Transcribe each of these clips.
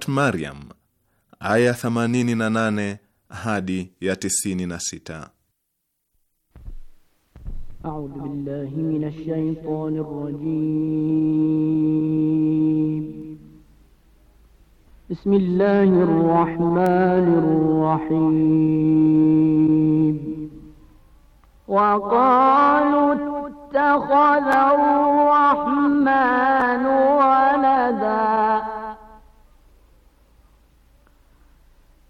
Surat Maryam aya 88 hadi ya 96.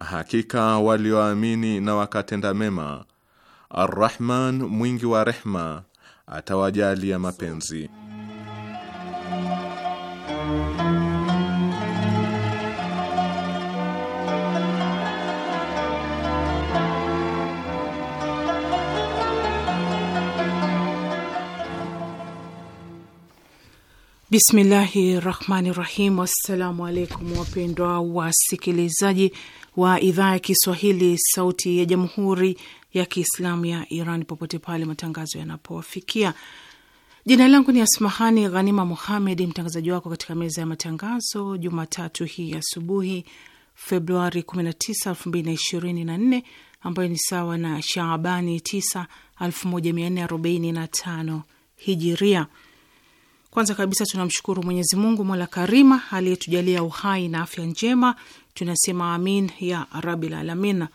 Hakika walioamini na wakatenda mema, Arrahman mwingi wa rehma atawajalia mapenzi. Bismillahi rahmani rahim. Assalamu alaikum wapendwa wasikilizaji wa idhaa ya Kiswahili, Sauti ya Jamhuri ya Kiislamu ya Iran, popote pale matangazo yanapowafikia. Jina langu ni Asmahani Ghanima Muhamed, mtangazaji wako katika meza ya matangazo Jumatatu hii asubuhi, Februari 19, 2024 ambayo ni sawa na Shaabani 9, 1445 Hijiria. Kwanza kabisa tunamshukuru Mwenyezi Mungu mola karima aliyetujalia uhai na afya njema tunasema amin ya rabil alamin.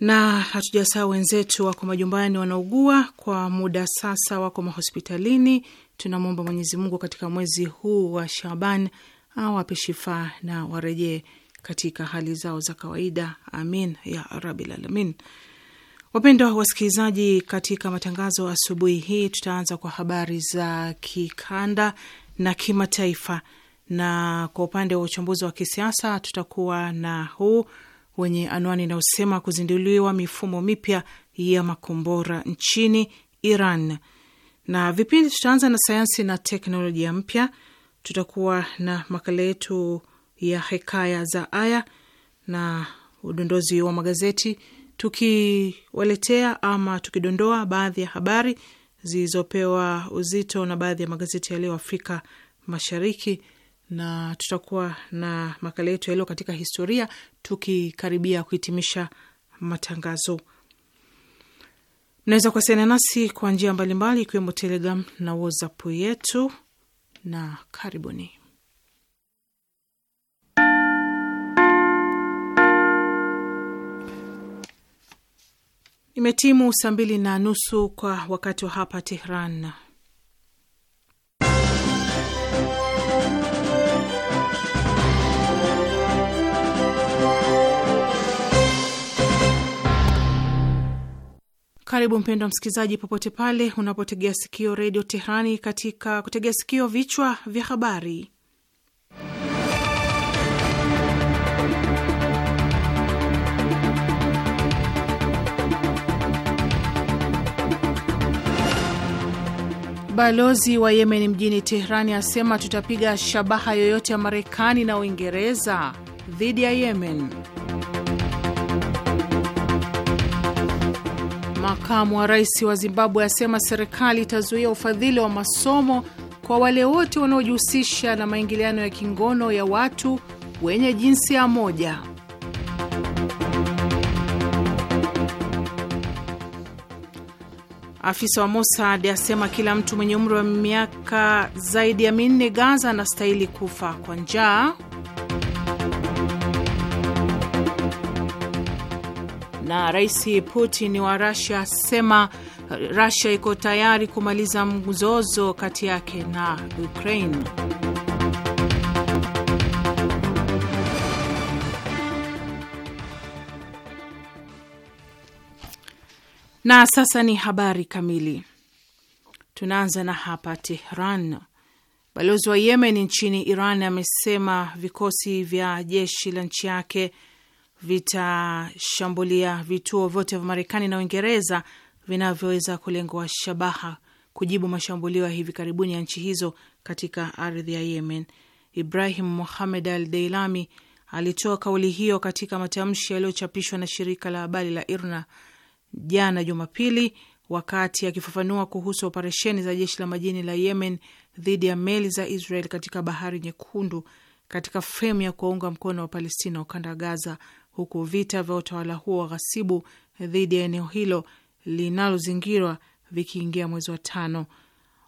Na hatujasaa wenzetu wako majumbani wanaugua kwa muda sasa, wako mahospitalini. Tunamwomba Mwenyezi Mungu katika mwezi huu wa Shaban awape shifa na warejee katika hali zao za kawaida, amin ya rabil alamin. Wapendwa wasikilizaji, katika matangazo asubuhi hii tutaanza kwa habari za kikanda na kimataifa na kwa upande wa uchambuzi wa kisiasa tutakuwa na huu wenye anwani inayosema kuzinduliwa mifumo mipya ya makombora nchini Iran, na vipindi tutaanza na sayansi na teknolojia mpya. Tutakuwa na makala yetu ya hekaya za aya na udondozi wa magazeti, tukiwaletea ama tukidondoa baadhi ya habari zilizopewa uzito na baadhi ya magazeti ya leo Afrika Mashariki na tutakuwa na makala yetu yaliyo katika historia tukikaribia kuhitimisha matangazo. Mnaweza kuwasiliana nasi kwa njia mbalimbali, ikiwemo Telegram na WhatsApp yetu, na karibuni. Imetimu saa mbili na nusu kwa wakati wa hapa Tehran Karibu mpendwa msikilizaji, popote pale unapotegea sikio redio teherani katika kutegea sikio vichwa vya habari. Balozi wa Yemen mjini Tehrani asema tutapiga shabaha yoyote ya Marekani na Uingereza dhidi ya Yemen. Makamu wa rais wa Zimbabwe asema serikali itazuia ufadhili wa masomo kwa wale wote wanaojihusisha na maingiliano ya kingono ya watu wenye jinsia moja. Afisa wa Mossad asema kila mtu mwenye umri wa miaka zaidi ya minne Gaza anastahili kufa kwa njaa. na Rais Putin wa rasia asema rasia iko tayari kumaliza mzozo kati yake na Ukraine. Na sasa ni habari kamili. Tunaanza na hapa Tehran. Balozi wa Yemen nchini Iran amesema vikosi vya jeshi la nchi yake vitashambulia vituo vyote vya Marekani na Uingereza vinavyoweza kulengwa shabaha kujibu mashambulio ya hivi karibuni ya nchi hizo katika ardhi ya Yemen. Ibrahim Mohamed Al Deilami alitoa kauli hiyo katika matamshi yaliyochapishwa na shirika la habari la IRNA jana Jumapili, wakati akifafanua kuhusu operesheni za jeshi la majini la Yemen dhidi ya meli za Israel katika Bahari Nyekundu katika fremu ya kuwaunga mkono wa Palestina ukanda wa Gaza huku vita vya utawala huo wa ghasibu dhidi ya eneo hilo linalozingirwa vikiingia mwezi wa tano.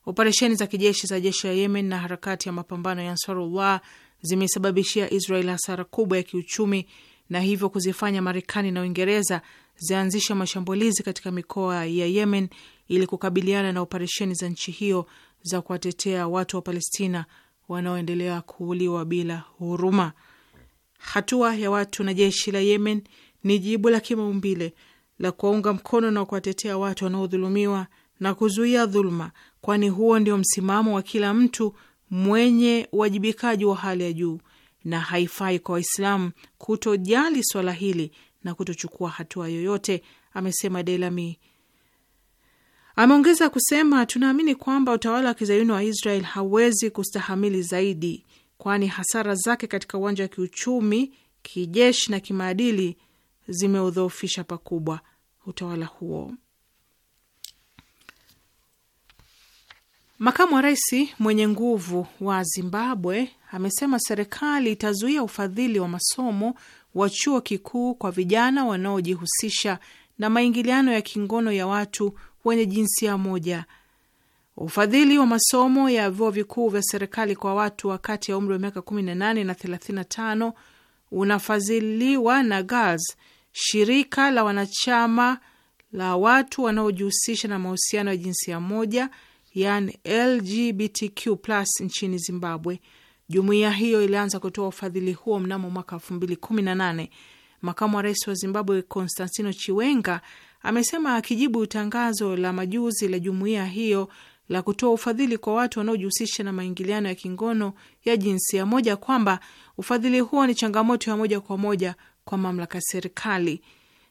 Operesheni za kijeshi za jeshi la Yemen na harakati ya mapambano ya Ansarullah zimesababishia Israel hasara kubwa ya kiuchumi na hivyo kuzifanya Marekani na Uingereza zianzishe mashambulizi katika mikoa ya Yemen ili kukabiliana na operesheni za nchi hiyo za kuwatetea watu wa Palestina wanaoendelea kuuliwa bila huruma. Hatua ya watu na jeshi la Yemen ni jibu la kimaumbile la kuwaunga mkono na kuwatetea watu wanaodhulumiwa na kuzuia dhuluma, kwani huo ndio msimamo wa kila mtu mwenye uwajibikaji wa hali ya juu, na haifai kwa Waislamu kutojali swala hili na kutochukua hatua yoyote, amesema Delami. Ameongeza kusema, tunaamini kwamba utawala wa kizayuni wa Israel hauwezi kustahamili zaidi kwani hasara zake katika uwanja wa kiuchumi, kijeshi na kimaadili zimeudhoofisha pakubwa utawala huo. Makamu wa rais mwenye nguvu wa Zimbabwe amesema serikali itazuia ufadhili wa masomo wa chuo kikuu kwa vijana wanaojihusisha na maingiliano ya kingono ya watu wenye jinsia moja Ufadhili wa masomo ya vyuo vikuu vya serikali kwa watu wa kati ya umri wa miaka 18 na 35 unafadhiliwa na GALS, shirika la wanachama la watu wanaojihusisha na mahusiano ya jinsia moja, yani LGBTQ+ nchini Zimbabwe. Jumuiya hiyo ilianza kutoa ufadhili huo mnamo mwaka 2018. Makamu wa rais wa Zimbabwe Constantino Chiwenga amesema akijibu tangazo la majuzi la jumuiya hiyo la kutoa ufadhili kwa watu wanaojihusisha na maingiliano ya kingono ya jinsia moja, kwamba ufadhili huo ni changamoto ya moja kwa moja kwa mamlaka ya serikali.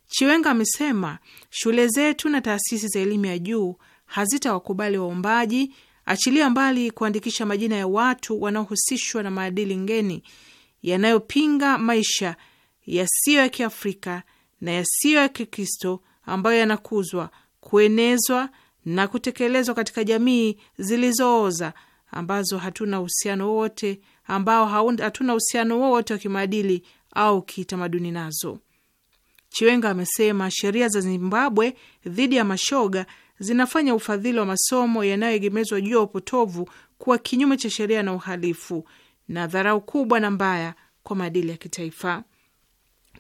Chiwenga amesema shule zetu na taasisi za elimu ya juu hazitawakubali waombaji, achilia mbali kuandikisha majina ya watu wanaohusishwa na maadili ngeni yanayopinga maisha yasiyo ya Kiafrika na yasiyo ya Kikristo ambayo yanakuzwa, kuenezwa na kutekelezwa katika jamii zilizooza ambazo hatuna uhusiano wowote ambao hatuna uhusiano wowote wa kimaadili au kitamaduni nazo. Chiwenga amesema sheria za Zimbabwe dhidi ya mashoga zinafanya ufadhili wa masomo yanayoegemezwa juu ya upotovu kuwa kinyume cha sheria na uhalifu na dharau kubwa na mbaya kwa maadili ya kitaifa.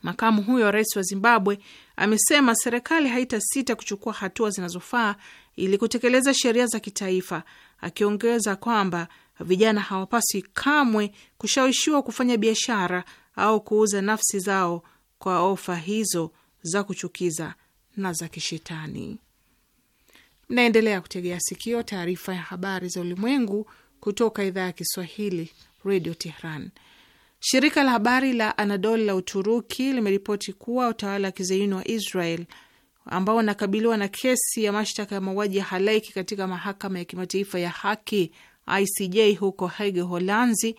Makamu huyo wa rais wa Zimbabwe amesema serikali haitasita kuchukua hatua zinazofaa ili kutekeleza sheria za kitaifa, akiongeza kwamba vijana hawapaswi kamwe kushawishiwa kufanya biashara au kuuza nafsi zao kwa ofa hizo za kuchukiza na za kishetani. Mnaendelea kutegea sikio taarifa ya habari za ulimwengu kutoka idhaa ya Kiswahili, Radio Tehran. Shirika la habari la Anadolu la Uturuki limeripoti kuwa utawala wa kizayuni wa Israel ambao wanakabiliwa na kesi ya mashtaka ya mauaji ya halaiki katika mahakama ya kimataifa ya haki ICJ huko Hague, Holanzi,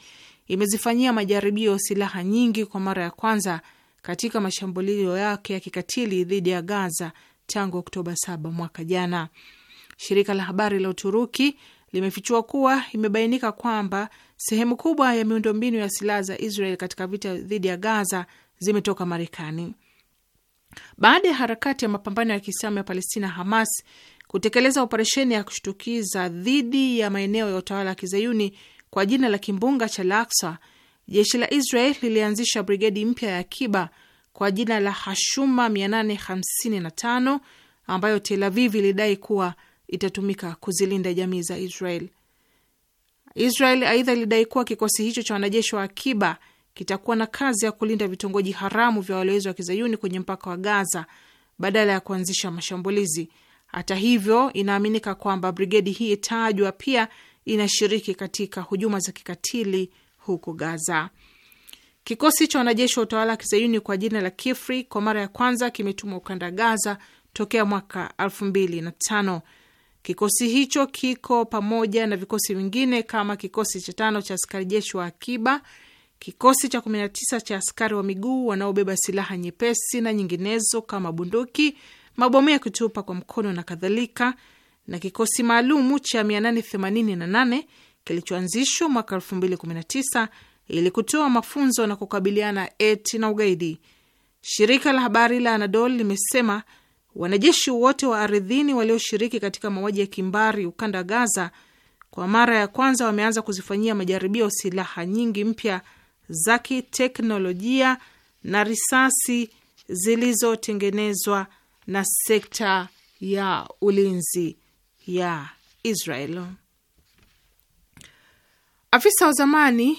imezifanyia majaribio silaha nyingi kwa mara ya kwanza katika mashambulio yake ya kikatili dhidi ya Gaza tangu Oktoba 7 mwaka jana. Shirika la habari la Uturuki limefichua kuwa imebainika kwamba sehemu kubwa ya miundombinu ya silaha za Israel katika vita dhidi ya Gaza zimetoka Marekani baada ya harakati ya mapambano ya Kiislamu ya Palestina Hamas kutekeleza operesheni ya kushtukiza dhidi ya maeneo ya utawala wa Kizayuni kwa jina la kimbunga cha Laksa, jeshi la Israel lilianzisha brigedi mpya ya akiba kwa jina la Hashuma 855 ambayo Tel Aviv ilidai kuwa itatumika kuzilinda jamii za Israel. Israel aidha ilidai kuwa kikosi hicho cha wanajeshi wa akiba kitakuwa na kazi ya kulinda vitongoji haramu vya walowezi wa kizayuni kwenye mpaka wa Gaza badala ya kuanzisha mashambulizi. Hata hivyo, inaaminika kwamba brigedi hii tajwa pia inashiriki katika hujuma za kikatili huko Gaza. Kikosi cha wanajeshi wa utawala wa kizayuni kwa jina la Kifri kwa mara ya kwanza kimetumwa ukanda Gaza tokea mwaka 25 Kikosi hicho kiko pamoja na vikosi vingine kama kikosi cha tano cha askari jeshi wa akiba Kikosi cha 19 cha askari wa miguu wanaobeba silaha nyepesi na nyinginezo kama bunduki, mabomu ya kutupa kwa mkono na kadhalika, na kikosi maalumu cha 888 kilichoanzishwa mwaka 2019 ili kutoa mafunzo na kukabiliana eti na ugaidi. Shirika la habari la Anadolu limesema wanajeshi wote wa ardhini walioshiriki katika mauaji ya kimbari ukanda Gaza kwa mara ya kwanza wameanza kuzifanyia majaribio silaha nyingi mpya za kiteknolojia na risasi zilizotengenezwa na sekta ya ulinzi ya Israel. Afisa wa zamani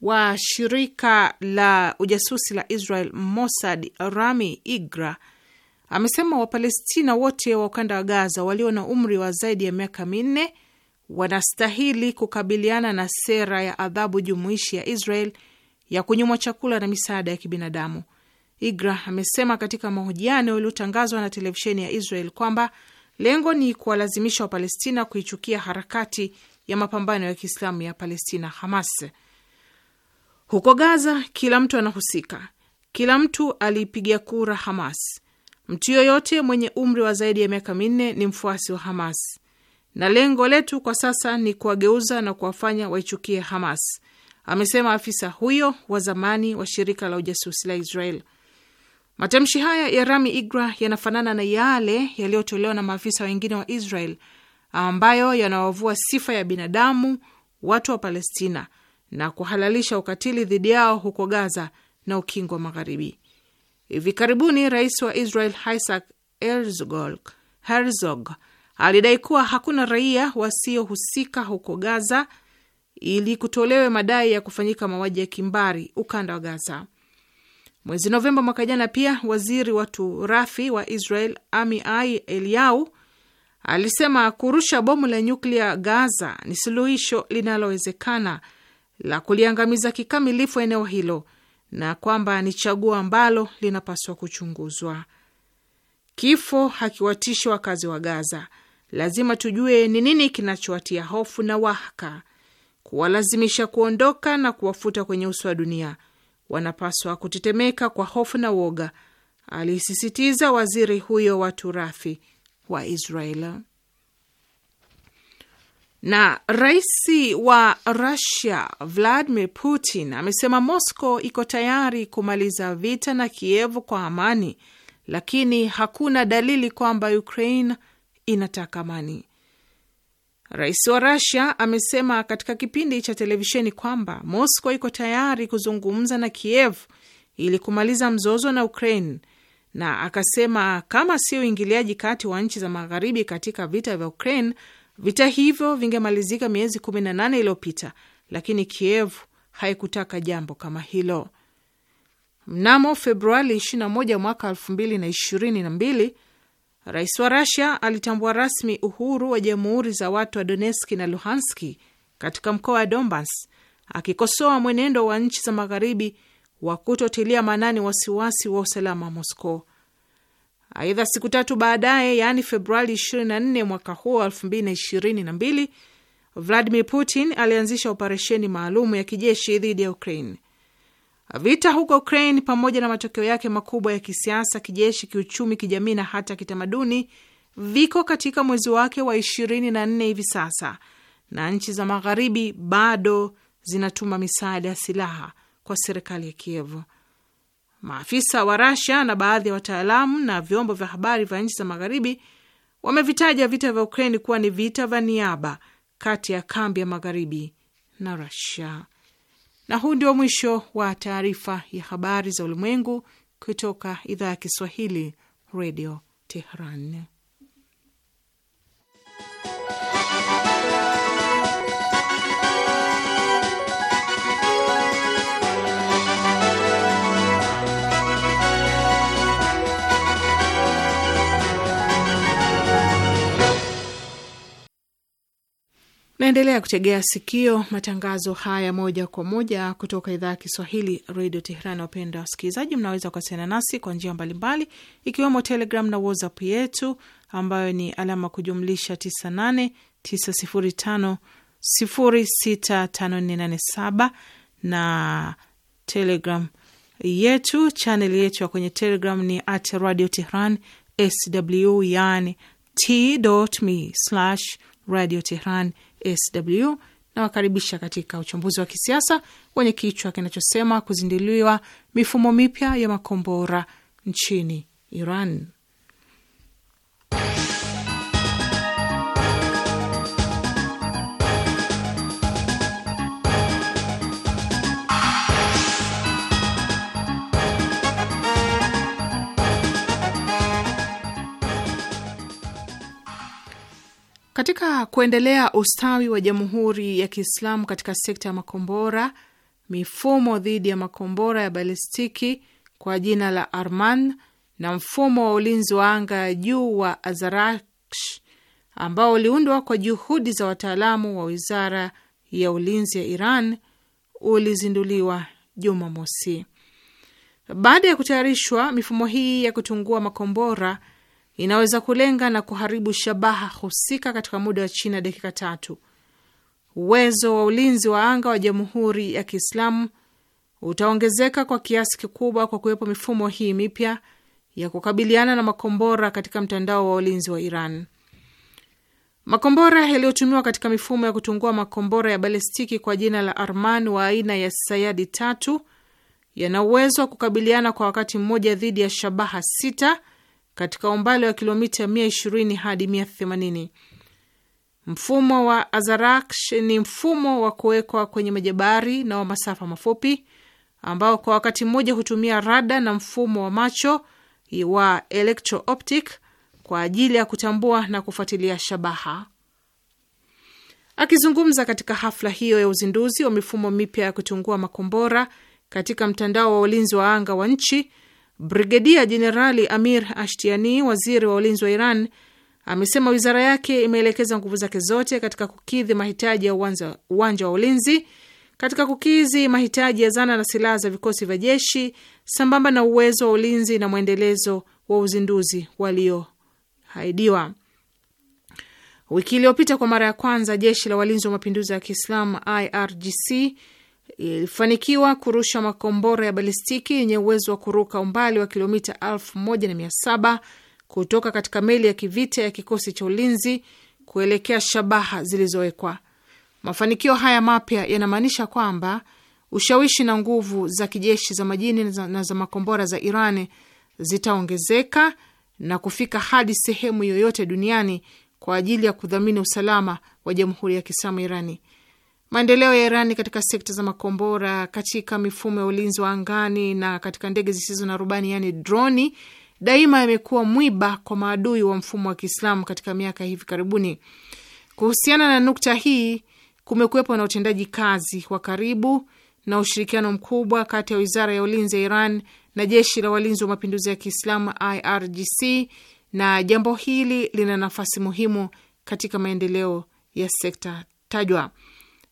wa shirika la ujasusi la Israel Mossad, Rami Igra, amesema Wapalestina wote wa ukanda wa Gaza walio na umri wa zaidi ya miaka minne wanastahili kukabiliana na sera ya adhabu jumuishi ya Israel ya kunyimwa chakula na misaada ya kibinadamu. Igra amesema katika mahojiano yaliyotangazwa na televisheni ya Israel kwamba lengo ni kuwalazimisha Wapalestina kuichukia harakati ya mapambano ya Kiislamu ya Palestina, Hamas. Huko Gaza, kila mtu anahusika. Kila mtu aliipiga kura Hamas. Mtu yoyote mwenye umri wa zaidi ya miaka minne ni mfuasi wa Hamas na lengo letu kwa sasa ni kuwageuza na kuwafanya waichukie Hamas, amesema afisa huyo wa zamani wa shirika la ujasusi la Israel. Matamshi haya ya Rami Igra yanafanana na yale yaliyotolewa na maafisa wengine wa Israel ambayo yanawavua sifa ya binadamu watu wa Palestina na kuhalalisha ukatili dhidi yao huko Gaza na Ukingo wa Magharibi. Hivi karibuni rais wa Israel Isaac Herzog alidai kuwa hakuna raia wasiohusika huko Gaza ili kutolewe madai ya kufanyika mauaji ya kimbari ukanda wa Gaza. Mwezi Novemba mwaka jana, pia waziri wa turafi wa Israel Amihai Eliau alisema kurusha bomu la nyuklia Gaza ni suluhisho linalowezekana la kuliangamiza kikamilifu eneo hilo na kwamba ni chaguo ambalo linapaswa kuchunguzwa. Kifo hakiwatishi wakazi wa Gaza lazima tujue ni nini kinachowatia hofu na wahaka, kuwalazimisha kuondoka na kuwafuta kwenye uso wa dunia. Wanapaswa kutetemeka kwa hofu na woga, alisisitiza waziri huyo wa turafi wa israel Na rais wa Rusia Vladimir Putin amesema Moscow iko tayari kumaliza vita na Kievu kwa amani, lakini hakuna dalili kwamba Ukraine inataka amani. Rais wa Rasia amesema katika kipindi cha televisheni kwamba Moscow iko tayari kuzungumza na Kiev ili kumaliza mzozo na Ukraine, na akasema kama si uingiliaji kati wa nchi za magharibi katika vita vya Ukraine, vita hivyo vingemalizika miezi 18 iliyopita, lakini Kiev haikutaka jambo kama hilo. Mnamo Februari 21 mwaka 2022 Rais wa Rasia alitambua rasmi uhuru wa jamhuri za watu wa Donetski na Luhanski katika mkoa wa Donbas, akikosoa mwenendo wa nchi za magharibi wa kutotilia maanani wasiwasi wa usalama wa Moscow. Aidha, siku tatu baadaye, yaani Februari 24 mwaka huo 2022, Vladimir Putin alianzisha operesheni maalumu ya kijeshi dhidi ya Ukraine. Vita huko Ukraine pamoja na matokeo yake makubwa ya kisiasa, kijeshi, kiuchumi, kijamii na hata kitamaduni viko katika mwezi wake wa ishirini na nne hivi sasa, na nchi za magharibi bado zinatuma misaada ya silaha kwa serikali ya Kiev. Maafisa wa Rasia na baadhi ya wataalamu na vyombo vya habari vya nchi za magharibi wamevitaja vita vya Ukraine kuwa ni vita vya niaba kati ya kambi ya magharibi na Rasia. Na huu ndio mwisho wa taarifa ya habari za ulimwengu kutoka idhaa ya Kiswahili, radio Tehran. Naendelea kutegea sikio matangazo haya moja kwa moja kutoka idhaa ya Kiswahili redio Tehran. Wapenda wasikilizaji, mnaweza kuwasiliana nasi kwa njia mbalimbali, ikiwemo Telegram na WhatsApp yetu ambayo ni alama kujumlisha 989035065487 na Telegram yetu chaneli yetu ya kwenye Telegram ni at radio Tehran sw, yani t.me slash radio Tehran sw Nawakaribisha katika uchambuzi wa kisiasa wenye kichwa kinachosema kuzinduliwa mifumo mipya ya makombora nchini Iran. Katika kuendelea ustawi wa Jamhuri ya Kiislamu katika sekta ya makombora, mifumo dhidi ya makombora ya balistiki kwa jina la Arman na mfumo wa ulinzi wa anga juu wa Azarakhsh ambao uliundwa kwa juhudi za wataalamu wa wizara ya ulinzi ya Iran ulizinduliwa Jumamosi. Baada ya kutayarishwa, mifumo hii ya kutungua makombora inaweza kulenga na kuharibu shabaha husika katika muda wa chini ya dakika tatu. Uwezo wa ulinzi wa anga wa Jamhuri ya Kiislamu utaongezeka kwa kiasi kikubwa kwa kuwepo mifumo hii mipya ya kukabiliana na makombora katika mtandao wa ulinzi wa Iran. Makombora yaliyotumiwa katika mifumo ya kutungua makombora ya balistiki kwa jina la Arman wa aina ya Sayadi tatu yana uwezo wa kukabiliana kwa wakati mmoja dhidi ya shabaha sita katika umbali wa kilomita 120 hadi 180. Mfumo wa Azaraksh ni mfumo wa kuwekwa kwenye majabari na wa masafa mafupi ambao kwa wakati mmoja hutumia rada na mfumo wa macho wa electro kwa ajili ya kutambua na kufuatilia shabaha. Akizungumza katika hafla hiyo ya uzinduzi wa mifumo mipya ya kutungua makombora katika mtandao wa ulinzi wa anga wa nchi, Brigedia Jenerali Amir Ashtiani, waziri wa ulinzi wa Iran, amesema wizara yake imeelekeza nguvu zake zote katika kukidhi mahitaji ya uwanja, wa ulinzi, katika kukidhi mahitaji ya zana na silaha za vikosi vya jeshi sambamba na uwezo wa ulinzi na mwendelezo wa uzinduzi walioahidiwa. Wiki iliyopita kwa mara ya kwanza jeshi la walinzi wa mapinduzi ya Kiislamu IRGC ilifanikiwa kurusha makombora ya balistiki yenye uwezo wa kuruka umbali wa kilomita 1700 kutoka katika meli ya kivita ya kikosi cha ulinzi kuelekea shabaha zilizowekwa. Mafanikio haya mapya yanamaanisha kwamba ushawishi na nguvu za kijeshi za majini na za makombora za Iran zitaongezeka na kufika hadi sehemu yoyote duniani kwa ajili ya kudhamini usalama wa Jamhuri ya Kiislamu Irani. Maendeleo ya Irani katika sekta za makombora, katika mifumo ya ulinzi wa angani na katika ndege zisizo na rubani, yaani droni, daima yamekuwa mwiba kwa maadui wa mfumo wa Kiislamu katika miaka hivi karibuni. Kuhusiana na nukta hii, kumekuwepo na utendaji kazi wa karibu na ushirikiano mkubwa kati ya wizara ya ulinzi ya Iran na jeshi la walinzi wa mapinduzi ya Kiislamu IRGC, na jambo hili lina nafasi muhimu katika maendeleo ya sekta tajwa.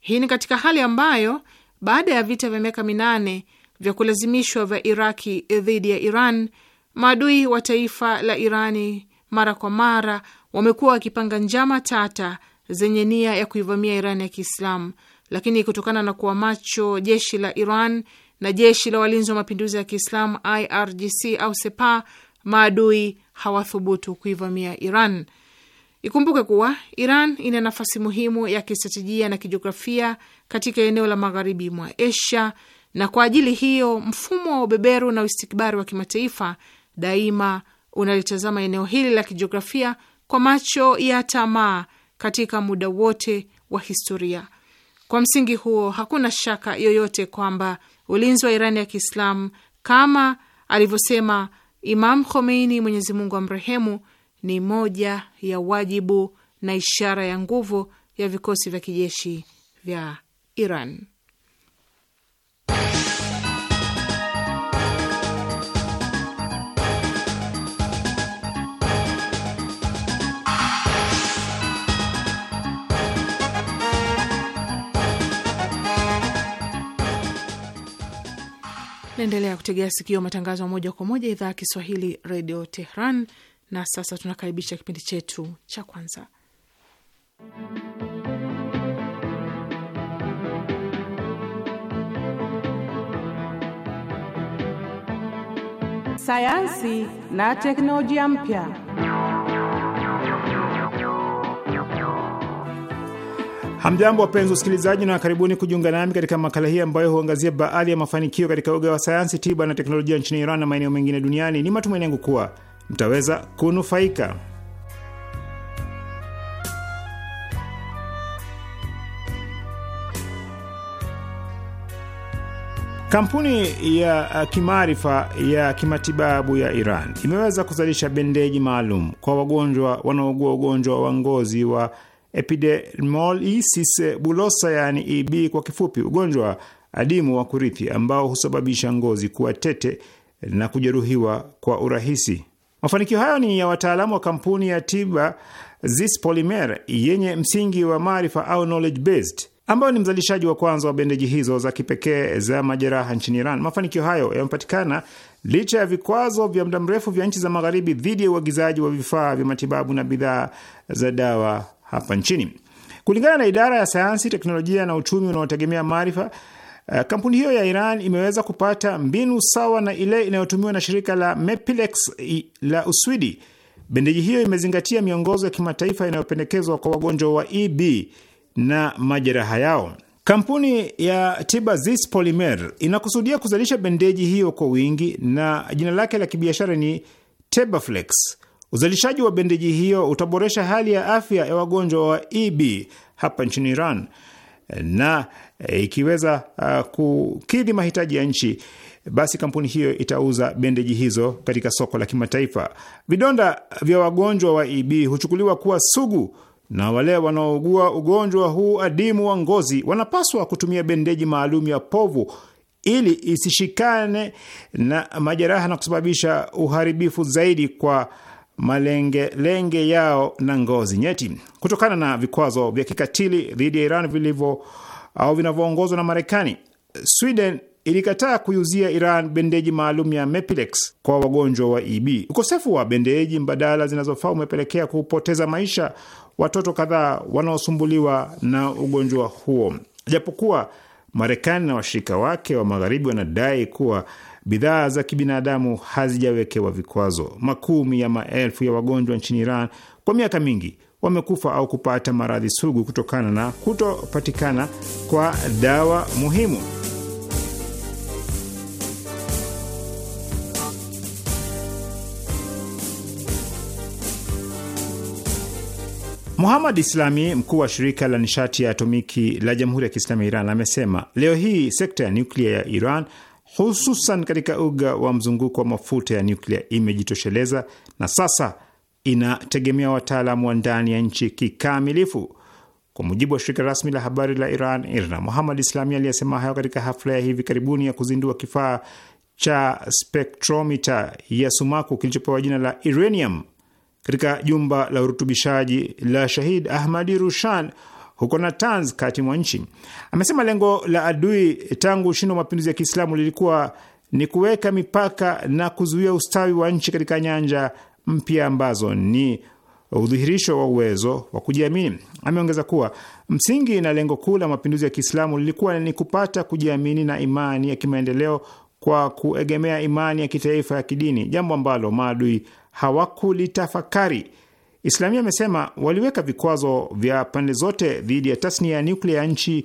Hii ni katika hali ambayo baada ya vita vya miaka minane vya kulazimishwa vya Iraki dhidi ya Iran, maadui wa taifa la Irani mara kwa mara wamekuwa wakipanga njama tata zenye nia ya kuivamia Iran ya Kiislamu, lakini kutokana na kuwa macho jeshi la Iran na jeshi la walinzi wa mapinduzi ya Kiislamu IRGC au Sepa, maadui hawathubutu kuivamia Iran. Ikumbuke kuwa Iran ina nafasi muhimu ya kistratejia na kijiografia katika eneo la magharibi mwa Asia, na kwa ajili hiyo mfumo wa ubeberu na uistikbari wa kimataifa daima unalitazama eneo hili la kijiografia kwa macho ya tamaa katika muda wote wa historia. Kwa msingi huo, hakuna shaka yoyote kwamba ulinzi wa Irani ya Kiislamu, kama alivyosema Imam Khomeini, Mwenyezi Mungu amrehemu ni moja ya wajibu na ishara ya nguvu ya vikosi vya kijeshi vya Iran. Naendelea kutegea sikio matangazo moja kwa moja idhaa ya Kiswahili, Redio Tehran. Na sasa tunakaribisha kipindi chetu cha kwanza sayansi na teknolojia mpya. Hamjambo, wapenzi usikilizaji na karibuni kujiunga nami katika makala hii ambayo huangazia baadhi ya mafanikio katika uga wa sayansi, tiba na teknolojia nchini Iran na maeneo mengine duniani. Ni matumaini yangu kuwa mtaweza kunufaika. Kampuni ya uh, kimaarifa ya kimatibabu ya Iran imeweza kuzalisha bendeji maalum kwa wagonjwa wanaougua ugonjwa wa ngozi wa epidermolysis bullosa, yani EB kwa kifupi, ugonjwa adimu wa kurithi ambao husababisha ngozi kuwa tete na kujeruhiwa kwa urahisi. Mafanikio hayo ni ya wataalamu wa kampuni ya tiba Zis Polymer yenye msingi wa maarifa au knowledge based ambayo ni mzalishaji wa kwanza wa bendeji hizo za kipekee za majeraha nchini Iran. Mafanikio hayo yamepatikana licha ya vikwazo vya muda mrefu vya nchi za Magharibi dhidi ya uagizaji wa vifaa vya matibabu na bidhaa za dawa hapa nchini. Kulingana na idara ya sayansi, teknolojia na uchumi unaotegemea maarifa Eh, kampuni hiyo ya Iran imeweza kupata mbinu sawa na ile inayotumiwa na shirika la Mepilex la Uswidi. Bendeji hiyo imezingatia miongozo ya kimataifa inayopendekezwa kwa wagonjwa wa EB na majeraha yao. Kampuni ya tiba Zis Polymer inakusudia kuzalisha bendeji hiyo kwa wingi na jina lake la kibiashara ni Tebaflex. Uzalishaji wa bendeji hiyo utaboresha hali ya afya ya wagonjwa wa EB hapa nchini Iran na E, ikiweza uh, kukidhi mahitaji ya nchi basi kampuni hiyo itauza bendeji hizo katika soko la kimataifa. Vidonda vya wagonjwa wa EB huchukuliwa kuwa sugu na wale wanaougua ugonjwa huu adimu wa ngozi wanapaswa kutumia bendeji maalum ya povu ili isishikane na majeraha na kusababisha uharibifu zaidi kwa malengelenge yao na ngozi nyeti. Kutokana na vikwazo vya kikatili dhidi ya Iran vilivyo au vinavyoongozwa na Marekani. Sweden ilikataa kuiuzia Iran bendeji maalum ya Mepilex kwa wagonjwa wa EB. Ukosefu wa bendeji mbadala zinazofaa umepelekea kupoteza maisha watoto kadhaa wanaosumbuliwa na ugonjwa huo. Japokuwa Marekani na washirika wake wa magharibi wanadai kuwa bidhaa za kibinadamu hazijawekewa vikwazo, makumi ya maelfu ya wagonjwa nchini Iran kwa miaka mingi wamekufa au kupata maradhi sugu kutokana na kutopatikana kwa dawa muhimu. Muhamad Islami, mkuu wa shirika la nishati ya atomiki la Jamhuri ya Kiislamu ya Iran, amesema leo hii sekta ya nyuklia ya Iran hususan katika uga wa mzunguko wa mafuta ya nyuklia imejitosheleza na sasa inategemea wataalamu wa ndani ya nchi kikamilifu. Kwa mujibu wa shirika rasmi la habari la Iran IRNA, Muhammad Islami aliyesema hayo katika hafla ya hivi karibuni ya kuzindua kifaa cha spektromita ya sumaku kilichopewa jina la Iranium katika jumba la urutubishaji la Shahid Ahmadi Rushan huko Tanz kati mwa nchi. Amesema lengo la adui tangu ushindi wa mapinduzi ya Kiislamu lilikuwa ni kuweka mipaka na kuzuia ustawi wa nchi katika nyanja mpya ambazo ni udhihirisho wa uwezo wa kujiamini. Ameongeza kuwa msingi na lengo kuu la mapinduzi ya Kiislamu lilikuwa ni kupata kujiamini na imani ya kimaendeleo kwa kuegemea imani ya kitaifa ya kidini, jambo ambalo maadui hawakulitafakari. Islamia amesema waliweka vikwazo vya pande zote dhidi ya tasnia ya nyuklia ya nchi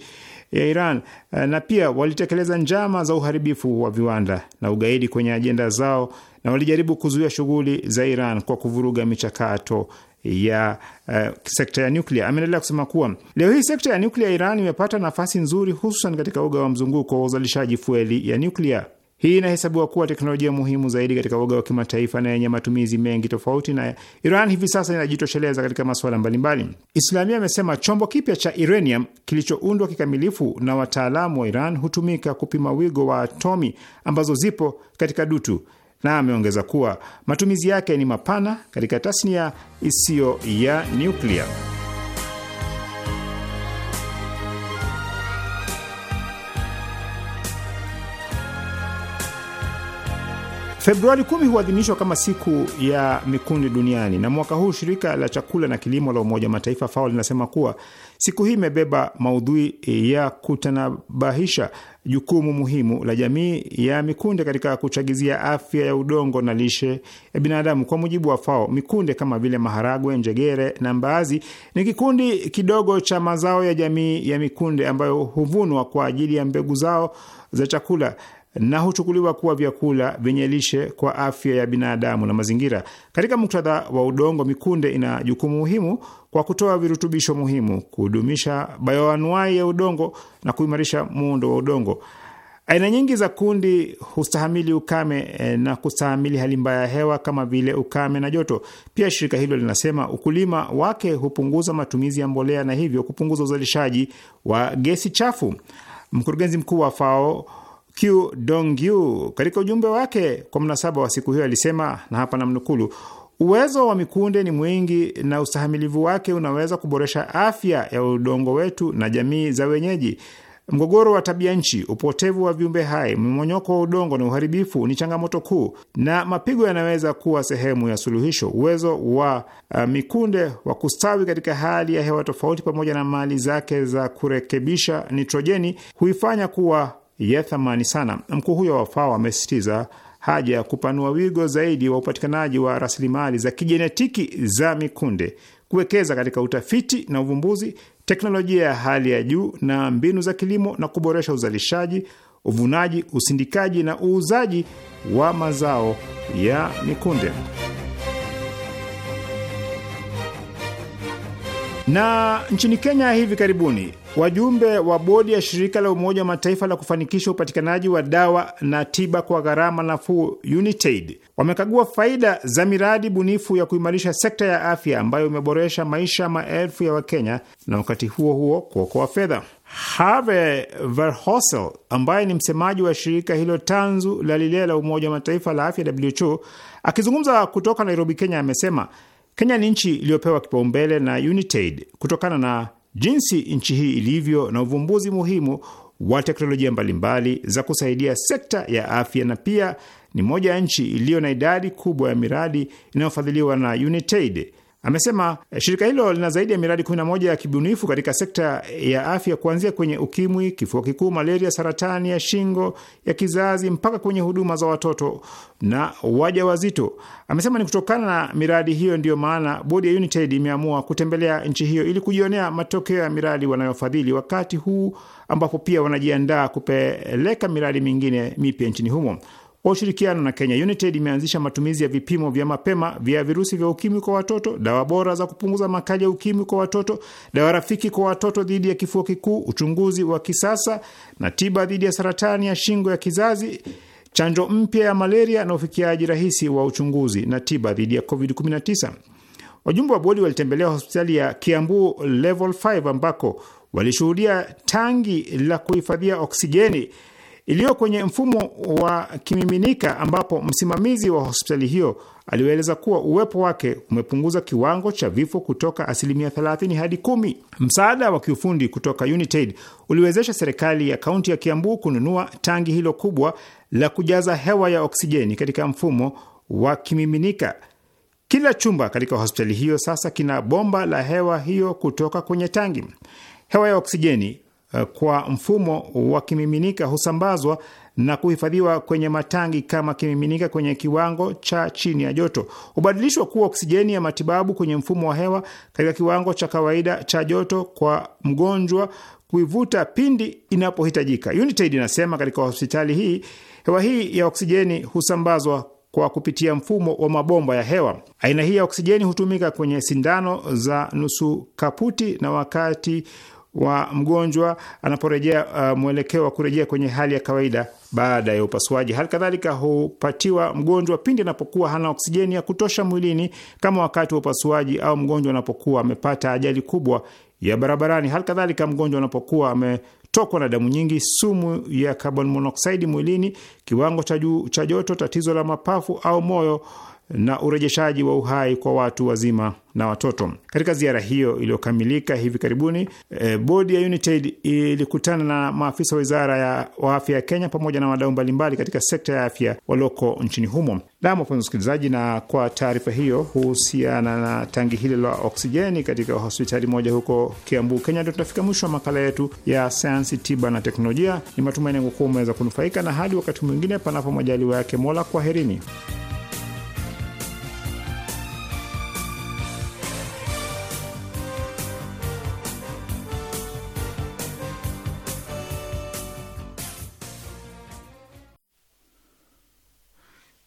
ya Iran eh, na pia walitekeleza njama za uharibifu wa viwanda na ugaidi kwenye ajenda zao na walijaribu kuzuia shughuli za Iran kwa kuvuruga michakato ya uh, sekta ya nuklia. Ameendelea kusema kuwa leo hii sekta ya nuklia ya Iran imepata nafasi nzuri, hususan katika uga wa mzunguko wa uzalishaji fueli ya nuklia. Hii inahesabiwa kuwa teknolojia muhimu zaidi katika uga wa kimataifa na yenye matumizi mengi tofauti, na Iran hivi sasa inajitosheleza katika masuala mbalimbali. Islamia amesema chombo kipya cha uranium kilichoundwa kikamilifu na wataalamu wa Iran hutumika kupima wigo wa atomi ambazo zipo katika dutu, na ameongeza kuwa matumizi yake ni mapana katika tasnia isiyo ya nuklia Februari kumi huadhimishwa kama siku ya mikunde duniani, na mwaka huu shirika la chakula na kilimo la Umoja Mataifa FAO linasema kuwa siku hii imebeba maudhui ya kutanabahisha jukumu muhimu la jamii ya mikunde katika kuchagizia afya ya udongo na lishe ya binadamu. Kwa mujibu wa FAO, mikunde kama vile maharagwe, njegere na mbaazi ni kikundi kidogo cha mazao ya jamii ya mikunde ambayo huvunwa kwa ajili ya mbegu zao za chakula na huchukuliwa kuwa vyakula vyenye lishe kwa afya ya binadamu na mazingira. Katika muktadha wa udongo, mikunde ina jukumu muhimu kwa kutoa virutubisho muhimu, kudumisha bayoanuai ya udongo na kuimarisha muundo wa udongo. Aina nyingi za kundi hustahamili ukame eh, na kustahamili hali mbaya ya hewa kama vile ukame na joto. Pia shirika hilo linasema ukulima wake hupunguza matumizi ya mbolea na hivyo kupunguza uzalishaji wa gesi chafu. Mkurugenzi mkuu wa FAO Q Dongyu katika ujumbe wake kwa mnasaba wa siku hiyo alisema, na hapa namnukulu: uwezo wa mikunde ni mwingi na ustahamilivu wake unaweza kuboresha afya ya udongo wetu na jamii za wenyeji. Mgogoro wa tabia nchi, upotevu wa viumbe hai, mmonyoko wa udongo na uharibifu ni changamoto kuu, na mapigo yanaweza kuwa sehemu ya suluhisho. Uwezo wa uh, mikunde wa kustawi katika hali ya hewa tofauti, pamoja na mali zake za kurekebisha nitrojeni, huifanya kuwa ya thamani sana. Mkuu huyo wa FAO amesisitiza haja ya kupanua wigo zaidi wa upatikanaji wa rasilimali za kijenetiki za mikunde, kuwekeza katika utafiti na uvumbuzi, teknolojia ya hali ya juu na mbinu za kilimo, na kuboresha uzalishaji, uvunaji, usindikaji na uuzaji wa mazao ya mikunde. Na nchini Kenya hivi karibuni Wajumbe wa bodi ya shirika la Umoja wa Mataifa la kufanikisha upatikanaji wa dawa na tiba kwa gharama nafuu Unitaid wamekagua faida za miradi bunifu ya kuimarisha sekta ya afya ambayo imeboresha maisha maelfu ya Wakenya na wakati huo huo kuokoa fedha. Have Verhosel ambaye ni msemaji wa shirika hilo tanzu la lile la Umoja wa Mataifa la afya WHO akizungumza kutoka Nairobi, Kenya, amesema Kenya ni nchi iliyopewa kipaumbele na Unitaid kutokana na jinsi nchi hii ilivyo na uvumbuzi muhimu wa teknolojia mbalimbali za kusaidia sekta ya afya na pia ni moja ya nchi iliyo na idadi kubwa ya miradi inayofadhiliwa na United. Amesema eh, shirika hilo lina zaidi ya miradi 11 ya kibunifu katika sekta ya afya kuanzia kwenye ukimwi, kifua kikuu, malaria, saratani ya shingo ya kizazi mpaka kwenye huduma za watoto na wajawazito. Amesema ni kutokana na miradi hiyo ndiyo maana bodi ya United imeamua kutembelea nchi hiyo ili kujionea matokeo ya miradi wanayofadhili wakati huu ambapo pia wanajiandaa kupeleka miradi mingine mipya nchini humo. Kwa ushirikiano na Kenya United imeanzisha matumizi ya vipimo vya mapema vya virusi vya ukimwi kwa watoto, dawa bora za kupunguza makali ya ukimwi kwa watoto, dawa rafiki kwa watoto dhidi ya kifua kikuu, uchunguzi wa kisasa na tiba dhidi ya saratani ya shingo ya kizazi, chanjo mpya ya malaria na ufikiaji rahisi wa uchunguzi na tiba dhidi ya COVID-19. Wajumbe wa bodi walitembelea hospitali ya Kiambu Level 5 ambako walishuhudia tangi la kuhifadhia oksijeni iliyo kwenye mfumo wa kimiminika, ambapo msimamizi wa hospitali hiyo aliwaeleza kuwa uwepo wake umepunguza kiwango cha vifo kutoka asilimia 30 hadi kumi. Msaada wa kiufundi kutoka Unitaid uliwezesha serikali ya kaunti ya Kiambu kununua tangi hilo kubwa la kujaza hewa ya oksijeni katika mfumo wa kimiminika. Kila chumba katika hospitali hiyo sasa kina bomba la hewa hiyo kutoka kwenye tangi. Hewa ya oksijeni Eh, kwa mfumo wa kimiminika husambazwa na kuhifadhiwa kwenye matangi kama kimiminika kwenye kiwango cha chini ya joto, hubadilishwa kuwa oksijeni ya matibabu kwenye mfumo wa hewa katika kiwango cha kawaida cha joto kwa mgonjwa kuivuta pindi inapohitajika. United inasema katika hospitali hii hewa hii ya oksijeni husambazwa kwa kupitia mfumo wa mabomba ya hewa. Aina hii ya oksijeni hutumika kwenye sindano za nusu kaputi na wakati wa mgonjwa anaporejea uh, mwelekeo wa kurejea kwenye hali ya kawaida baada ya upasuaji. Hali kadhalika hupatiwa mgonjwa pindi anapokuwa hana oksijeni ya kutosha mwilini kama wakati wa upasuaji au mgonjwa anapokuwa amepata ajali kubwa ya barabarani. Hali kadhalika mgonjwa anapokuwa ametokwa na damu nyingi, sumu ya carbon monoxide mwilini, kiwango cha juu cha joto, tatizo la mapafu au moyo na urejeshaji wa uhai kwa watu wazima na watoto. Katika ziara hiyo iliyokamilika hivi karibuni, e, bodi ya United ilikutana na maafisa wa wizara ya wa afya ya Kenya pamoja na wadau mbalimbali katika sekta ya afya walioko nchini humo. Nam wapenzi wasikilizaji, na kwa taarifa hiyo huhusiana na tangi hili la oksijeni katika hospitali moja huko Kiambu, Kenya, ndio tunafika mwisho wa makala yetu ya sayansi, tiba na teknolojia. Ni matumaini yangu kuwa umeweza kunufaika, na hadi wakati mwingine, panapo majaliwa yake Mola, kwaherini.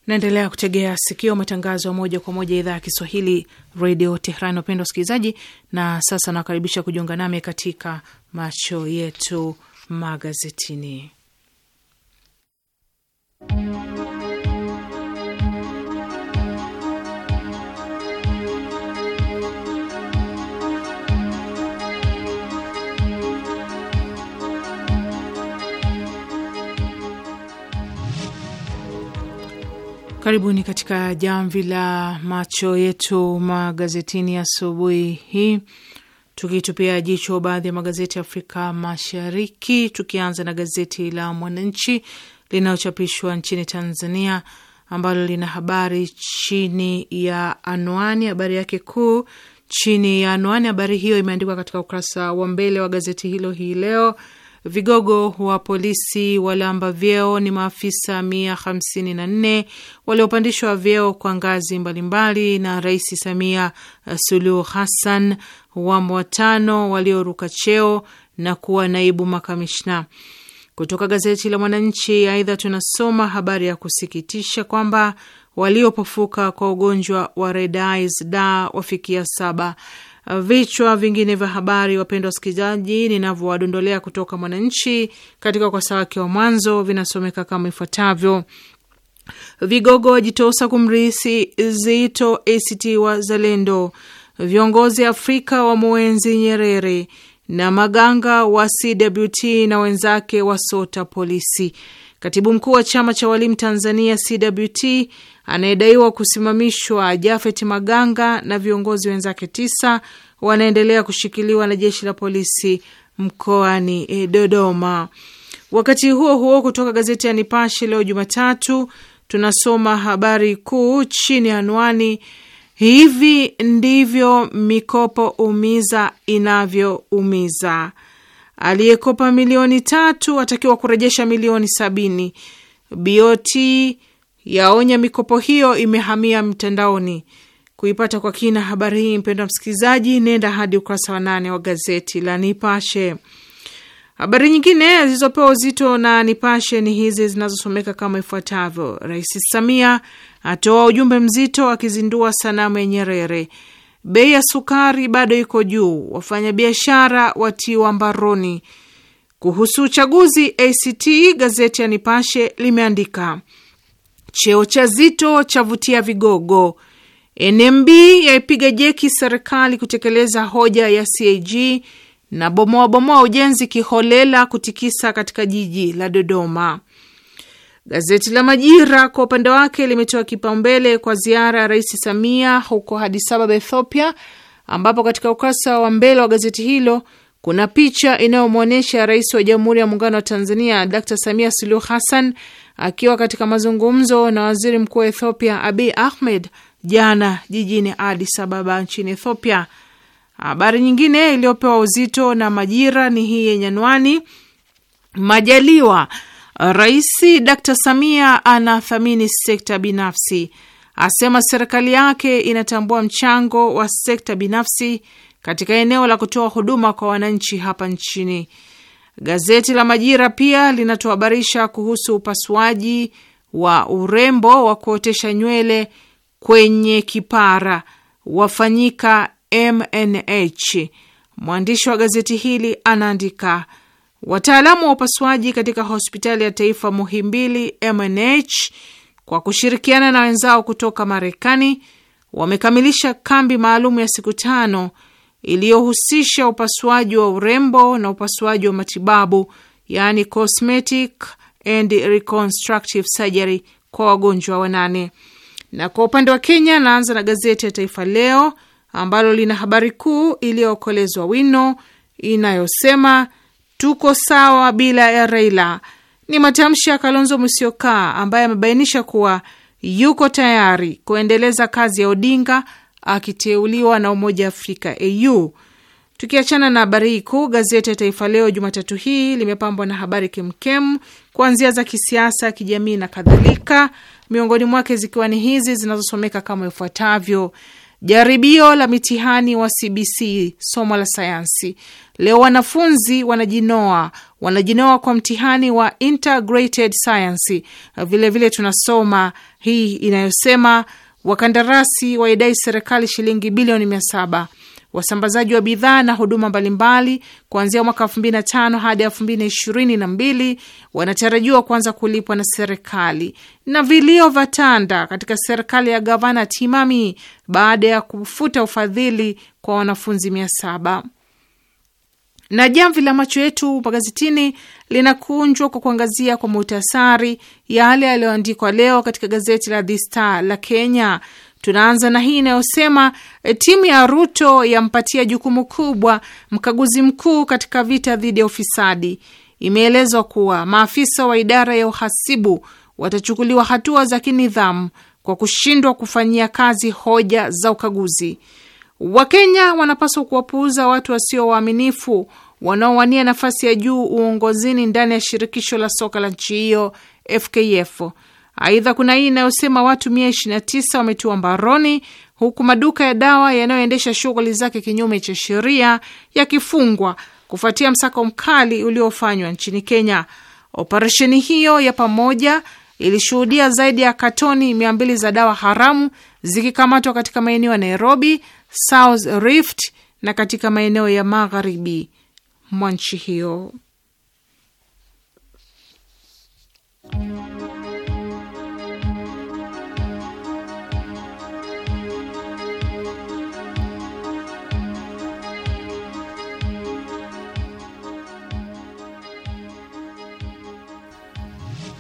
Naendelea kutegea sikio matangazo ya moja kwa moja idhaa ya Kiswahili redio Tehran, wapendwa wasikilizaji, na sasa nawakaribisha kujiunga nami katika macho yetu magazetini. Karibuni katika jamvi la macho yetu magazetini asubuhi hii, tukitupia jicho baadhi ya magazeti ya Afrika Mashariki, tukianza na gazeti la Mwananchi linalochapishwa nchini Tanzania, ambalo lina habari chini ya anwani, habari yake kuu chini ya anwani. Habari hiyo imeandikwa katika ukurasa wa mbele wa gazeti hilo hii leo Vigogo wa polisi walamba vyeo ni maafisa nne waliopandishwa vyeo kwa ngazi mbalimbali na Rais Samia eh, Suluhu Hassan, wamo watano walioruka cheo na kuwa naibu makamishna. Kutoka gazeti la Mwananchi. Aidha, tunasoma habari ya kusikitisha kwamba waliopofuka kwa ugonjwa wa redis da wafikia saba vichwa vingine vya habari, wapendwa wasikilizaji, ninavyowadondolea kutoka Mwananchi katika ukurasa wake wa mwanzo vinasomeka kama ifuatavyo: Vigogo wajitosa kumrisi Zito ACT Wazalendo, viongozi Afrika wa mwenzi Nyerere, na maganga wa CWT na wenzake wasota polisi. Katibu mkuu wa chama cha walimu Tanzania CWT anayedaiwa kusimamishwa Jafet Maganga na viongozi wenzake tisa wanaendelea kushikiliwa na jeshi la polisi mkoani e, Dodoma. Wakati huo huo, kutoka gazeti ya Nipashe leo Jumatatu tunasoma habari kuu chini ya anwani hivi ndivyo mikopo umiza inavyoumiza. Aliyekopa milioni tatu atakiwa kurejesha milioni sabini. BOT yaonya mikopo hiyo imehamia mtandaoni. Kuipata kwa kina habari hii, mpendwa msikilizaji, nenda hadi ukurasa wa nane wa gazeti la Nipashe. Habari nyingine zilizopewa uzito na Nipashe ni hizi zinazosomeka kama ifuatavyo: Rais Samia atoa ujumbe mzito akizindua sanamu ya Nyerere. Bei ya sukari bado iko juu, wafanyabiashara watiwa mbaroni. Kuhusu uchaguzi ACT, gazeti ya Nipashe limeandika cheo cha Zito chavutia vigogo, NMB yaipiga jeki serikali kutekeleza hoja ya CAG, na bomoa bomoa ujenzi kiholela kutikisa katika jiji la Dodoma. Gazeti la Majira kwa upande wake limetoa kipaumbele kwa ziara ya Rais Samia huko Addis Ababa, Ethiopia, ambapo katika ukasa wa mbele wa gazeti hilo kuna picha inayomwonyesha Rais wa Jamhuri ya Muungano wa Tanzania Dr Samia Suluhu Hassan akiwa katika mazungumzo na Waziri Mkuu wa Ethiopia Abiy Ahmed jana jijini Addis Ababa nchini Ethiopia. Habari nyingine iliyopewa uzito na Majira ni hii yenye anwani Majaliwa Rais Dr Samia anathamini sekta binafsi, asema serikali yake inatambua mchango wa sekta binafsi katika eneo la kutoa huduma kwa wananchi hapa nchini. Gazeti la Majira pia linatuhabarisha kuhusu upasuaji wa urembo wa kuotesha nywele kwenye kipara wafanyika MNH. Mwandishi wa gazeti hili anaandika Wataalamu wa upasuaji katika hospitali ya taifa Muhimbili MNH kwa kushirikiana na wenzao kutoka Marekani wamekamilisha kambi maalum ya siku tano iliyohusisha upasuaji wa urembo na upasuaji wa matibabu, yani cosmetic and reconstructive surgery kwa wagonjwa wanane. Na kwa upande wa Kenya, naanza na gazeti ya Taifa Leo ambalo lina habari kuu iliyookolezwa wino inayosema tuko sawa bila ya Raila. Ni matamshi ya Kalonzo Musyoka ambaye amebainisha kuwa yuko tayari kuendeleza kazi ya Odinga akiteuliwa na Umoja Afrika AU. Tukiachana na habari hii kuu, gazeti ya Taifa Leo Jumatatu hii limepambwa na habari kemkem, kuanzia za kisiasa, kijamii na kadhalika, miongoni mwake zikiwa ni hizi zinazosomeka kama ifuatavyo: jaribio la mitihani wa CBC somo la sayansi Leo wanafunzi wanajinoa, wanajinoa kwa mtihani wa integrated science. Vilevile vile tunasoma hii inayosema wakandarasi waidai serikali shilingi bilioni mia saba wasambazaji wa bidhaa na huduma mbalimbali kuanzia mwaka elfu mbili na tano hadi elfu mbili na ishirini na mbili wanatarajiwa kuanza kulipwa na serikali. Na vilio vatanda katika serikali ya gavana Timami baada ya kufuta ufadhili kwa wanafunzi mia saba na jamvi la macho yetu magazetini linakunjwa kwa kuangazia kwa muhtasari yale yaliyoandikwa leo katika gazeti la The Star la Kenya. Tunaanza na hii inayosema eh, timu ya Ruto yampatia jukumu kubwa mkaguzi mkuu katika vita dhidi ya ufisadi. Imeelezwa kuwa maafisa wa idara ya uhasibu watachukuliwa hatua za kinidhamu kwa kushindwa kufanyia kazi hoja za ukaguzi. Wakenya wanapaswa kuwapuuza watu wasio waaminifu wanaowania nafasi ya juu uongozini ndani ya shirikisho la soka la nchi hiyo FKF. Aidha, kuna hii inayosema watu 129 wametiwa mbaroni huku maduka ya dawa yanayoendesha shughuli zake kinyume cha sheria yakifungwa kufuatia msako mkali uliofanywa nchini Kenya. Operesheni hiyo ya pamoja ilishuhudia zaidi ya katoni 200 za dawa haramu zikikamatwa katika maeneo ya Nairobi, South Rift na katika maeneo ya magharibi mwa nchi hiyo.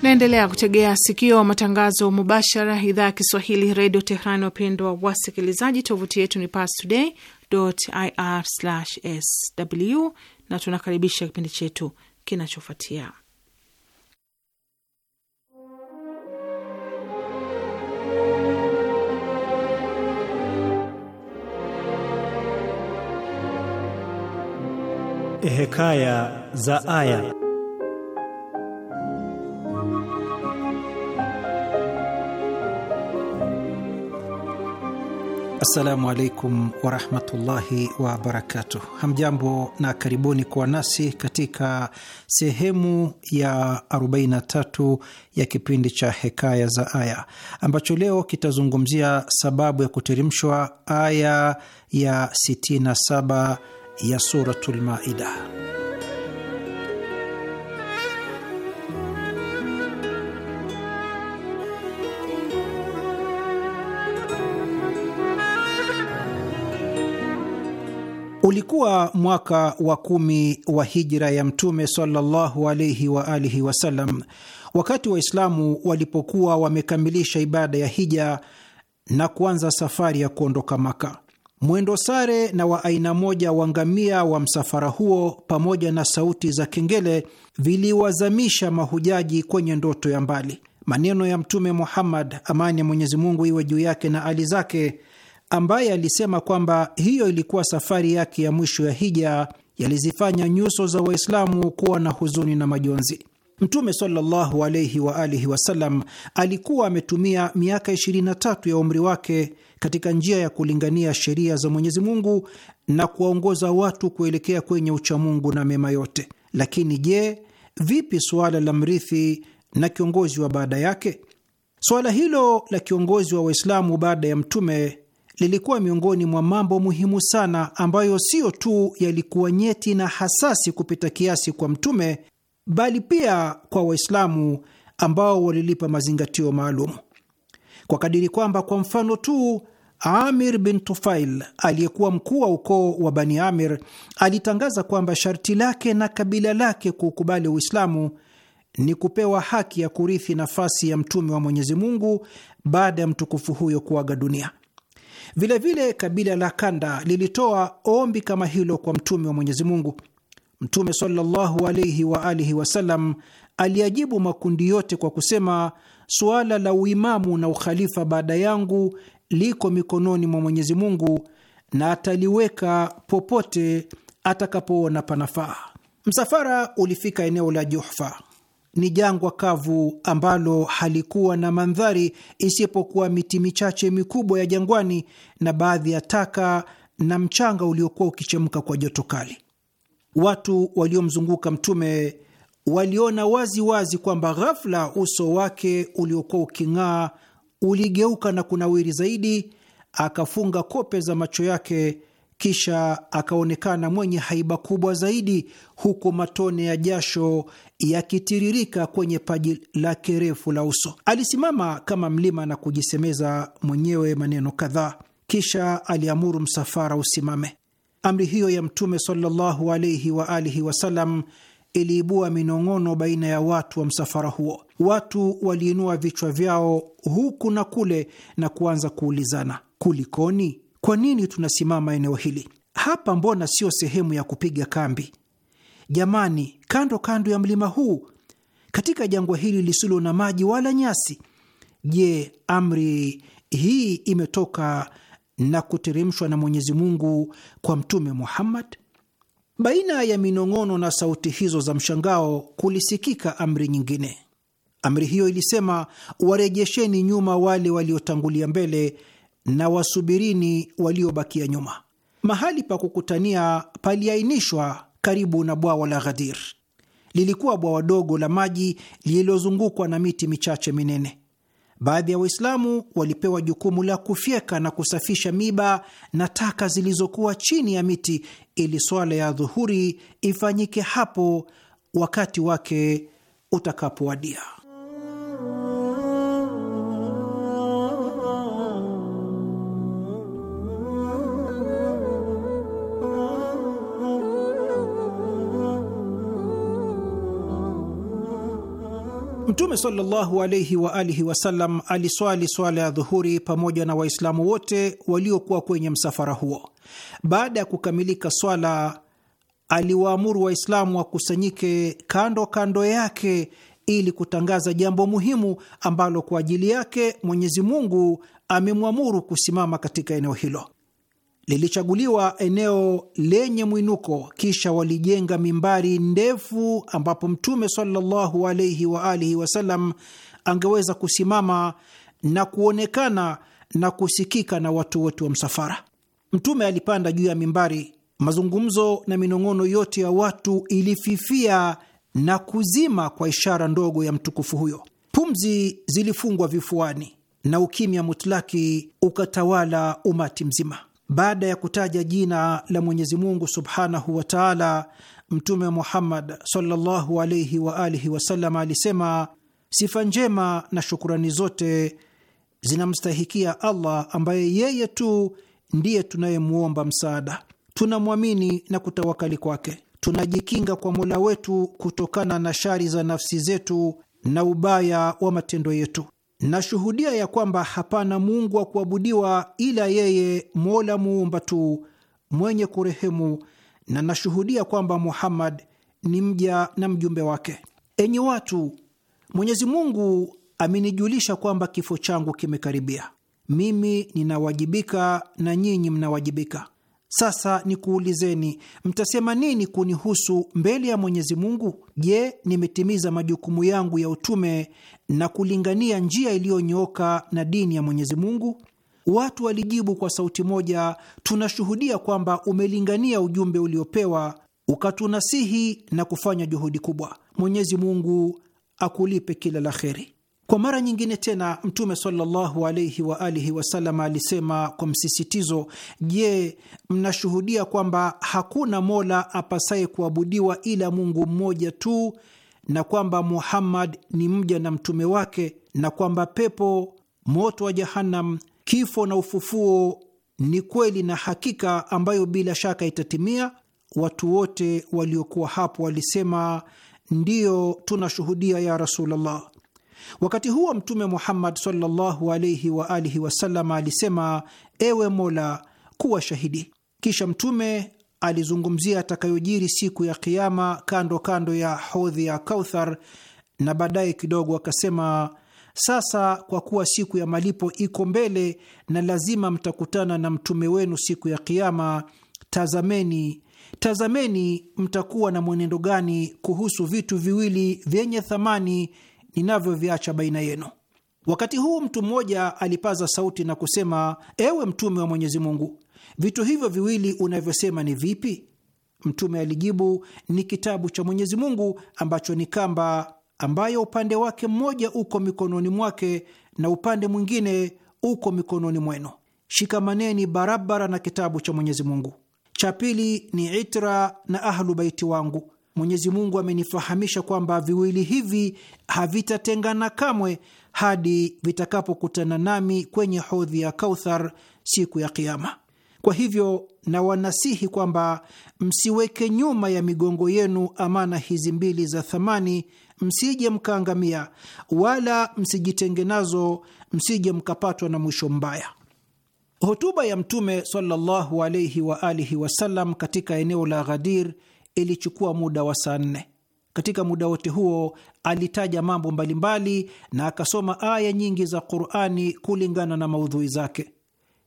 Naendelea kutegea sikio matangazo mubashara idhaa ya Kiswahili redio Tehrani. Wapendwa wasikilizaji, tovuti yetu ni pastoday.ir/sw, na tunakaribisha kipindi chetu kinachofuatia. Hekaya za Aya. Assalamu alaikum warahmatullahi wabarakatuh. Hamjambo na karibuni kuwa nasi katika sehemu ya 43 ya kipindi cha Hekaya za Aya ambacho leo kitazungumzia sababu ya kuteremshwa aya ya 67 ya Suratul Maida. Ulikuwa mwaka wa kumi wa hijra ya Mtume sallallahu alaihi wa alihi wasallam, wakati Waislamu walipokuwa wamekamilisha ibada ya hija na kuanza safari ya kuondoka Maka. Mwendo sare na wa aina moja wa ngamia wa msafara huo pamoja na sauti za kengele viliwazamisha mahujaji kwenye ndoto ya mbali. Maneno ya Mtume Muhammad, amani ya Mwenyezi Mungu iwe juu yake na ali zake, ambaye alisema kwamba hiyo ilikuwa safari yake ya mwisho ya hija, yalizifanya nyuso za Waislamu kuwa na huzuni na majonzi. Mtume sallallahu alayhi wa alihi wasallam alikuwa ametumia miaka 23 ya umri wake katika njia ya kulingania sheria za Mwenyezi Mungu na kuwaongoza watu kuelekea kwenye uchamungu na mema yote. Lakini je, vipi suala la mrithi na kiongozi wa baada yake? Suala hilo la kiongozi wa Waislamu baada ya Mtume lilikuwa miongoni mwa mambo muhimu sana ambayo siyo tu yalikuwa nyeti na hasasi kupita kiasi kwa Mtume, bali pia kwa Waislamu ambao walilipa mazingatio maalum kwa kadiri kwamba, kwa mfano tu Amir bin Tufail aliyekuwa mkuu wa ukoo wa Bani Amir alitangaza kwamba sharti lake na kabila lake kuukubali Uislamu ni kupewa haki ya kurithi nafasi ya mtume wa Mwenyezi Mungu baada ya mtukufu huyo kuaga dunia. Vilevile kabila la Kanda lilitoa ombi kama hilo kwa mtume wa Mwenyezi Mungu. Mtume sallallahu alaihi wa alihi wasallam aliajibu makundi yote kwa kusema, suala la uimamu na ukhalifa baada yangu liko mikononi mwa Mwenyezi Mungu na ataliweka popote atakapoona panafaa. Msafara ulifika eneo la Juhfa ni jangwa kavu ambalo halikuwa na mandhari isipokuwa miti michache mikubwa ya jangwani na baadhi ya taka na mchanga uliokuwa ukichemka kwa joto kali. Watu waliomzunguka Mtume waliona wazi wazi kwamba ghafla uso wake uliokuwa uking'aa uligeuka na kunawiri zaidi, akafunga kope za macho yake kisha akaonekana mwenye haiba kubwa zaidi, huku matone ya jasho yakitiririka kwenye paji lake refu la uso. Alisimama kama mlima na kujisemeza mwenyewe maneno kadhaa, kisha aliamuru msafara usimame. Amri hiyo ya Mtume sallallahu alaihi wa alihi wasallam iliibua minong'ono baina ya watu wa msafara huo. Watu waliinua vichwa vyao huku na kule na kuanza kuulizana, kulikoni? kwa nini tunasimama eneo hili? Hapa mbona sio sehemu ya kupiga kambi? Jamani, kando kando ya mlima huu, katika jangwa hili lisilo na maji wala nyasi. Je, amri hii imetoka na kuteremshwa na Mwenyezi Mungu kwa Mtume Muhammad? Baina ya minong'ono na sauti hizo za mshangao kulisikika amri nyingine. Amri hiyo ilisema, warejesheni nyuma wale waliotangulia mbele na wasubirini waliobakia nyuma. Mahali pa kukutania paliainishwa karibu na bwawa la Ghadir. Lilikuwa bwawa dogo la maji lililozungukwa na miti michache minene. Baadhi ya Waislamu walipewa jukumu la kufyeka na kusafisha miba na taka zilizokuwa chini ya miti ili swala ya dhuhuri ifanyike hapo wakati wake utakapowadia. Mtume sallallahu alaihi wa alihi wasallam aliswali swala ya dhuhuri pamoja na Waislamu wote waliokuwa kwenye msafara huo. Baada ya kukamilika swala, aliwaamuru Waislamu wakusanyike kando kando yake ili kutangaza jambo muhimu ambalo kwa ajili yake Mwenyezi Mungu amemwamuru kusimama katika eneo hilo lilichaguliwa eneo lenye mwinuko, kisha walijenga mimbari ndefu ambapo Mtume sallallahu alaihi alihi wasallam angeweza kusimama na kuonekana na kusikika na watu wote wa msafara. Mtume alipanda juu ya mimbari, mazungumzo na minong'ono yote ya watu ilififia na kuzima kwa ishara ndogo ya mtukufu huyo. Pumzi zilifungwa vifuani na ukimya mutlaki ukatawala umati mzima. Baada ya kutaja jina la Mwenyezi Mungu subhanahu wa taala, Mtume Muhammad sallallahu alaihi wa alihi wasallam alisema, sifa njema na shukurani zote zinamstahikia Allah ambaye yeye tu ndiye tunayemwomba msaada, tunamwamini na kutawakali kwake, tunajikinga kwa mola wetu kutokana na shari za nafsi zetu na ubaya wa matendo yetu. Nashuhudia ya kwamba hapana Mungu wa kuabudiwa ila yeye, Mola muumba tu, mwenye kurehemu, na nashuhudia kwamba Muhammad ni mja na mjumbe wake. Enyi watu, Mwenyezi Mungu amenijulisha kwamba kifo changu kimekaribia. Mimi ninawajibika na nyinyi mnawajibika. Sasa nikuulizeni, mtasema nini kunihusu mbele ya Mwenyezi Mungu? Je, nimetimiza majukumu yangu ya utume na kulingania njia iliyonyooka na dini ya Mwenyezi Mungu? Watu walijibu kwa sauti moja, tunashuhudia kwamba umelingania ujumbe uliopewa, ukatunasihi na kufanya juhudi kubwa. Mwenyezi Mungu akulipe kila la heri. Kwa mara nyingine tena Mtume sallallahu alaihi wa alihi wasallam alisema kwa msisitizo, Je, mnashuhudia kwamba hakuna mola apasaye kuabudiwa ila Mungu mmoja tu, na kwamba Muhammad ni mja na mtume wake, na kwamba pepo, moto wa Jahannam, kifo na ufufuo ni kweli na hakika, ambayo bila shaka itatimia? Watu wote waliokuwa hapo walisema ndiyo, tunashuhudia ya Rasulullah. Wakati huo Mtume Muhammad sallallahu alaihi wa alihi wasallam alisema, ewe Mola, kuwa shahidi. Kisha Mtume alizungumzia atakayojiri siku ya Kiama kando kando ya hodhi ya Kauthar, na baadaye kidogo akasema sasa kwa kuwa siku ya malipo iko mbele na lazima mtakutana na mtume wenu siku ya Kiama, tazameni tazameni mtakuwa na mwenendo gani kuhusu vitu viwili vyenye thamani ninavyoviacha baina yenu. Wakati huu mtu mmoja alipaza sauti na kusema, ewe Mtume wa Mwenyezi Mungu, vitu hivyo viwili unavyosema ni vipi? Mtume alijibu, ni kitabu cha Mwenyezi Mungu ambacho ni kamba ambayo upande wake mmoja uko mikononi mwake na upande mwingine uko mikononi mwenu. Shikamaneni barabara na kitabu cha Mwenyezi Mungu. Cha pili ni Itra na Ahlu Baiti wangu Mwenyezi Mungu amenifahamisha kwamba viwili hivi havitatengana kamwe hadi vitakapokutana nami kwenye hodhi ya Kauthar siku ya Kiama. Kwa hivyo na wanasihi kwamba msiweke nyuma ya migongo yenu amana hizi mbili za thamani, msije mkaangamia, wala msijitenge nazo, msije mkapatwa na mwisho mbaya. Hotuba ya Mtume sallallahu alayhi wa alihi wasallam katika eneo la Ghadir ilichukua muda wa saa nne. Katika muda wote huo alitaja mambo mbalimbali na akasoma aya nyingi za Qurani kulingana na maudhui zake.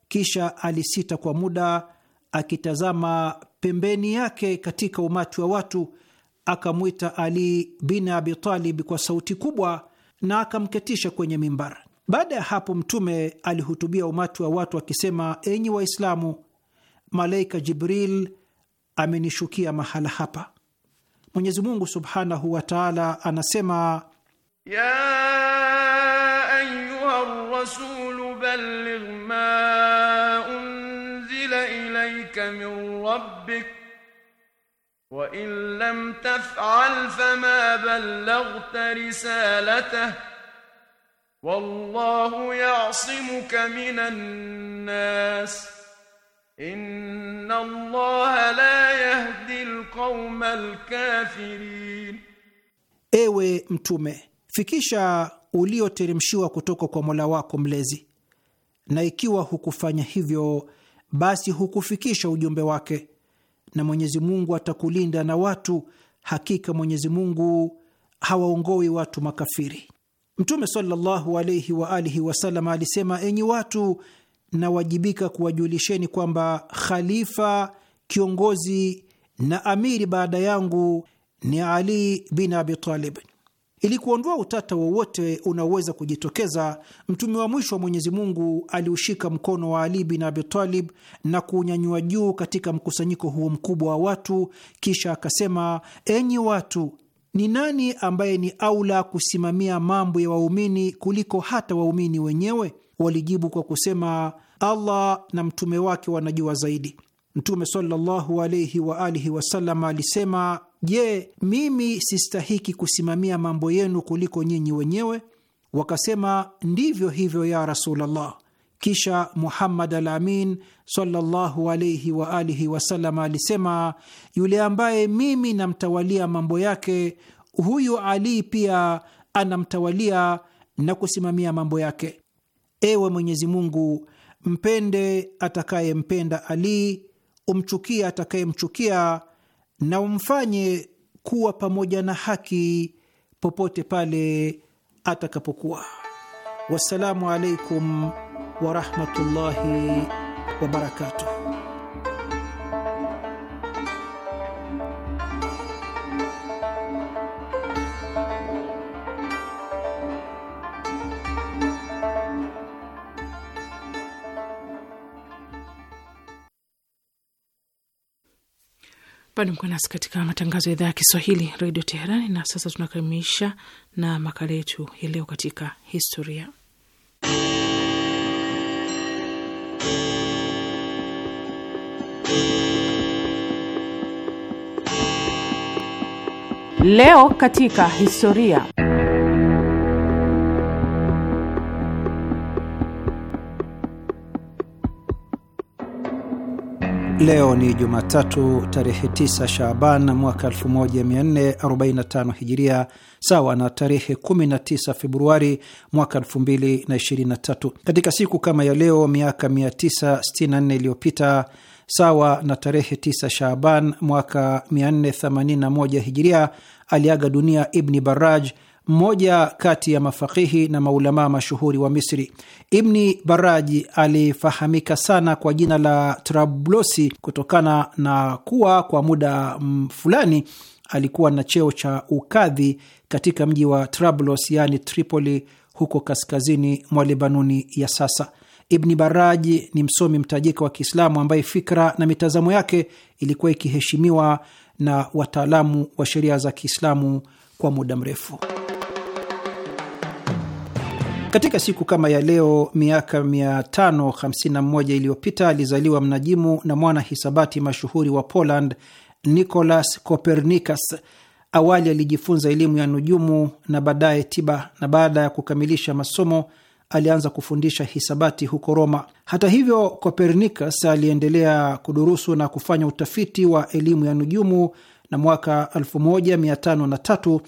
Kisha alisita kwa muda akitazama pembeni yake katika umati wa watu, akamwita Ali bin Abi Talib kwa sauti kubwa na akamketisha kwenye mimbara. Baada ya hapo, Mtume alihutubia umati wa watu akisema, enyi Waislamu, malaika Jibril amenishukia mahala hapa. Mwenyezi Mungu subhanahu wa taala anasema ya ayuha rasulu balligh ma unzila ilayka min rabbik wa in lam taf'al fama ballaghta risalatah wallahu ya'simuka minan nas Inna Allah la yahdi alqauma alkafirin, ewe Mtume, fikisha ulioteremshiwa kutoka kwa Mola wako mlezi, na ikiwa hukufanya hivyo, basi hukufikisha ujumbe wake, na Mwenyezi Mungu atakulinda na watu. Hakika Mwenyezi Mungu hawaongoi watu makafiri. Mtume sallallahu alayhi wa alihi wasallam alisema, enyi watu nawajibika kuwajulisheni kwamba khalifa, kiongozi na amiri baada yangu ni Ali bin Abi Talib. Ili kuondoa utata wowote unaoweza kujitokeza, mtume wa mwisho wa Mwenyezi Mungu aliushika mkono wa Ali bin Abi Talib na kuunyanyua juu katika mkusanyiko huo mkubwa wa watu, kisha akasema: enyi watu, ni nani ambaye ni aula kusimamia mambo ya waumini kuliko hata waumini wenyewe? walijibu kwa kusema, Allah na mtume wake wanajua zaidi. Mtume sallallahu alayhi wa alihi wasallam alisema, je, mimi sistahiki kusimamia mambo yenu kuliko nyinyi wenyewe? Wakasema, ndivyo hivyo ya Rasulullah. Kisha Muhammad Alamin sallallahu alayhi wa alihi wasallam alisema, yule ambaye mimi namtawalia mambo yake, huyu Ali pia anamtawalia na kusimamia mambo yake Ewe Mwenyezi Mungu, mpende atakayempenda Ali, umchukie atakayemchukia, na umfanye kuwa pamoja na haki popote pale atakapokuwa. Wassalamu alaikum warahmatullahi wabarakatuh. Bado mko nasi katika matangazo ya idhaa ya Kiswahili redio Teherani. Na sasa tunakamilisha na makala yetu ya leo katika historia. Leo katika historia Leo ni Jumatatu, tarehe 9 Shaaban mwaka 1445 Hijiria, sawa na tarehe 19 Februari mwaka 2023. Katika siku kama ya leo miaka 964 iliyopita, sawa na tarehe 9 Shaaban mwaka 481 Hijiria, aliaga dunia Ibni Baraj mmoja kati ya mafakihi na maulamaa mashuhuri wa Misri. Ibni Baraji alifahamika sana kwa jina la Trablosi kutokana na kuwa kwa muda fulani alikuwa na cheo cha ukadhi katika mji wa Trablos, yaani Tripoli, huko kaskazini mwa lebanuni ya sasa. Ibni Baraji ni msomi mtajika wa Kiislamu ambaye fikra na mitazamo yake ilikuwa ikiheshimiwa na wataalamu wa sheria za Kiislamu kwa muda mrefu. Katika siku kama ya leo miaka 551 iliyopita alizaliwa mnajimu na mwana hisabati mashuhuri wa Poland Nicolas Copernicus. Awali alijifunza elimu ya nujumu na baadaye tiba, na baada ya kukamilisha masomo alianza kufundisha hisabati huko Roma. Hata hivyo, Copernicus aliendelea kudurusu na kufanya utafiti wa elimu ya nujumu na mwaka 1503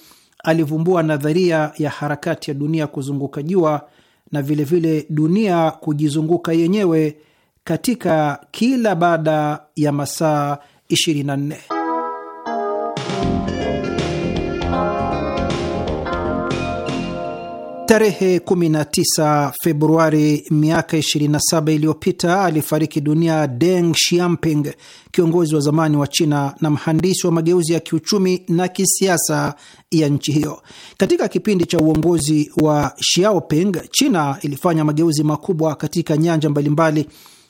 alivumbua nadharia ya harakati ya dunia kuzunguka jua na vilevile vile dunia kujizunguka yenyewe katika kila baada ya masaa 24. Tarehe 19 Februari miaka 27 iliyopita alifariki dunia Deng Xiaoping, kiongozi wa zamani wa China na mhandisi wa mageuzi ya kiuchumi na kisiasa ya nchi hiyo. Katika kipindi cha uongozi wa Xiaoping, China ilifanya mageuzi makubwa katika nyanja mbalimbali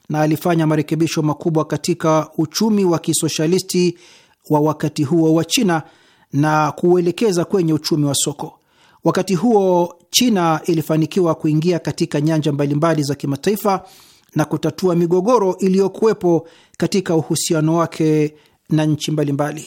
na alifanya marekebisho makubwa katika uchumi wa kisoshalisti wa wakati huo wa China na kuuelekeza kwenye uchumi wa soko. Wakati huo China ilifanikiwa kuingia katika nyanja mbalimbali za kimataifa na kutatua migogoro iliyokuwepo katika uhusiano wake na nchi mbalimbali.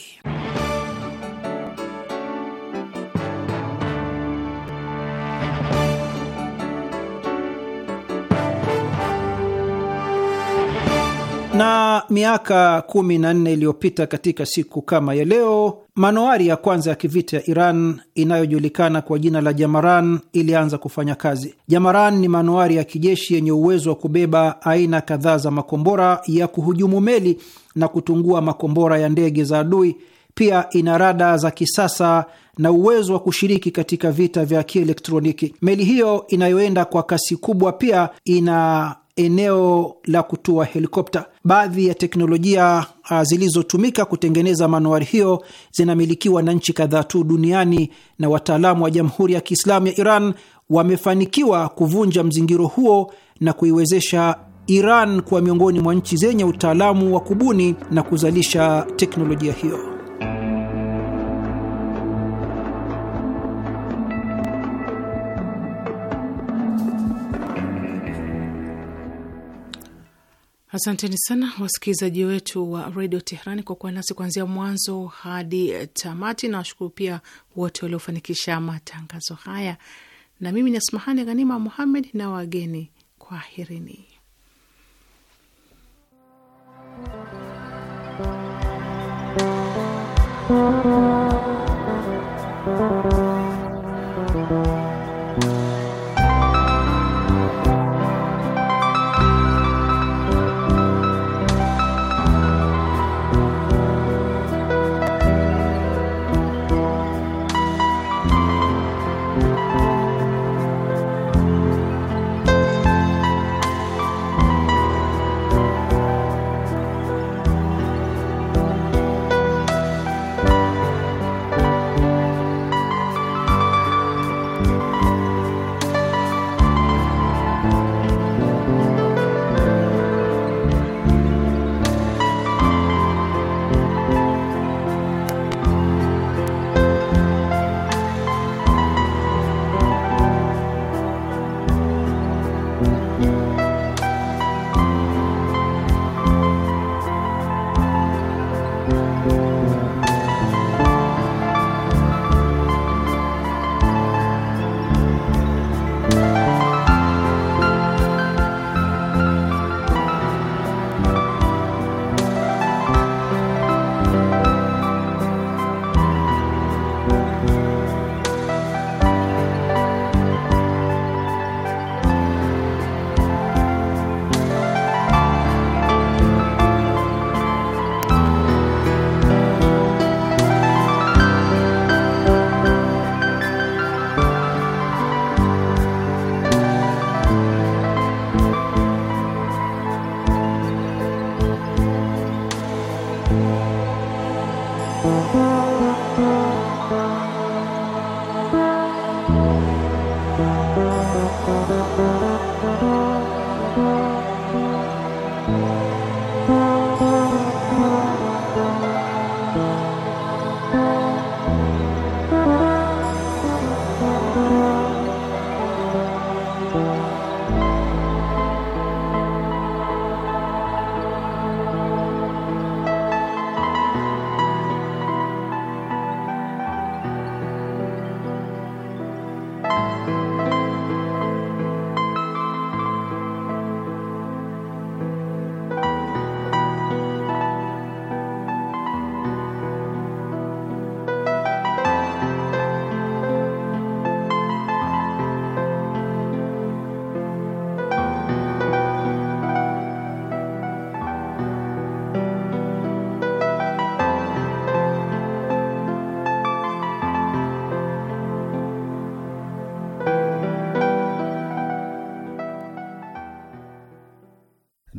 Na miaka kumi na nne iliyopita katika siku kama ya leo, manowari ya kwanza ya kivita ya Iran inayojulikana kwa jina la Jamaran ilianza kufanya kazi. Jamaran ni manowari ya kijeshi yenye uwezo wa kubeba aina kadhaa za makombora ya kuhujumu meli na kutungua makombora ya ndege za adui. Pia ina rada za kisasa na uwezo wa kushiriki katika vita vya kielektroniki. Meli hiyo inayoenda kwa kasi kubwa pia ina eneo la kutua helikopta. Baadhi ya teknolojia uh, zilizotumika kutengeneza manuari hiyo zinamilikiwa na nchi kadhaa tu duniani, na wataalamu wa Jamhuri ya Kiislamu ya Iran wamefanikiwa kuvunja mzingiro huo na kuiwezesha Iran kuwa miongoni mwa nchi zenye utaalamu wa kubuni na kuzalisha teknolojia hiyo. Asanteni sana wasikilizaji wetu wa redio Teherani kwa kuwa nasi kuanzia mwanzo hadi tamati, na washukuru pia wote waliofanikisha matangazo haya, na mimi ni Asmahani Ghanima Muhammed na wageni kwa kwaherini.